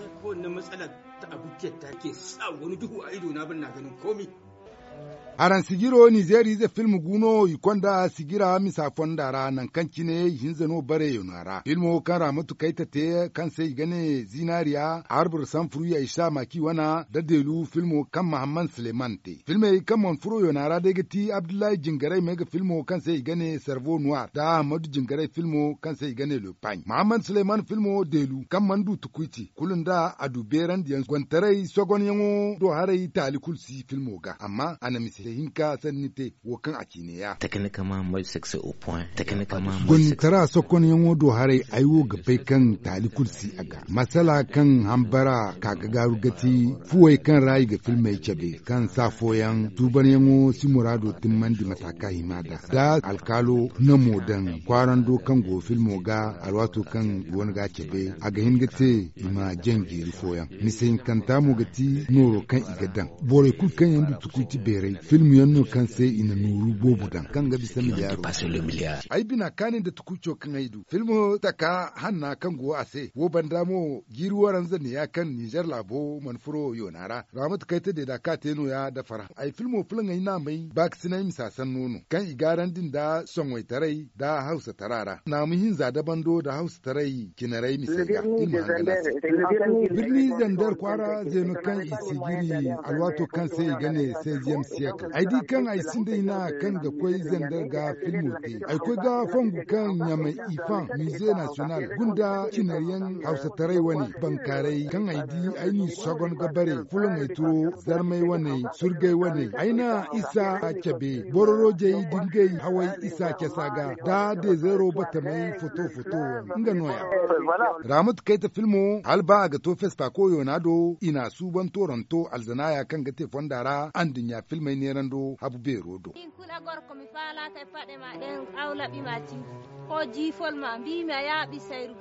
sai kowanne matsalar ta abu ta ke sa wani duhu a ido na ban na ganin komi aran sigiro nigeri ze filmu guno ikonda sigira misa fondara nan kan kine no bare yonara filmu kan ramatu kaita te kan sai gane zinariya arbur sanfuru ya isha maki wana dadelu filmu kan muhammad suleiman te filme kan manfuro yonara daga abdullahi jingarai mega filmu kan sai gane servo noir da ahmadu jingarai filmu kan sai gane lupin muhammad suleiman filmu delu kan mandu tukuiti kulun da aduberan diyan gwantarai sogon yango do harai talikul si filmu ga amma ana ta hinka sanni te kan a ya. cineya ma mai sekse o point teknikama Gwani tara sokon yan wado hare aiwo ga bai kan talikul a aga masala kan hambara kaga garu gati fuwai kan rayu ga filmai chabe kan safo yan tuban yan si murado timmandi mataka himada da alkalo na modan kwaran do kan go filmo ga alwato kan wani ga chabe aga hingate ima jangiri foyan misayin kan tamu gati noro kan igadan bore kul kan yan tukuti be terei film yanno kan se ina nuru bobu dan kan ga bisa miliyaro ai bina kanin da tukucho kan aidu film taka hanna kan go ase wo bandamo giru waran zan ya kan Niger labo manfuro yonara ramatu kai ta da ka teno ya da fara ai film fulan ai na mai bak sinai misasan nono kan igaran din da son wai tarai da Hausa tarara na da zada bando da Hausa tarai kinarai misaiya birni zandar kwara zeno kan isigiri alwato kan sai gane sai kam siyaka di kan ai dai na kan da koi zandar ga filmu ke ai da ga fangu kan nyamai ifan musée national gunda cinariyan hausa tarai wani bankarai kan aidi ni sagon gabare fulon ai to zarmai wani surgai wani aina isa kebe bororoje dingai hawai isa saga da de zero bata mai foto foto nga noya eh, ramut ta filmu alba ga to festa ko yonado ina suban toronto alzanaya kan gate fondara andin ya filmayniran ɗo habu be rodo ɗin gorko mi falata e paɗe ma ɗen awlaɓima ma ko jifolma ma mbimi a yaaɓi sayruga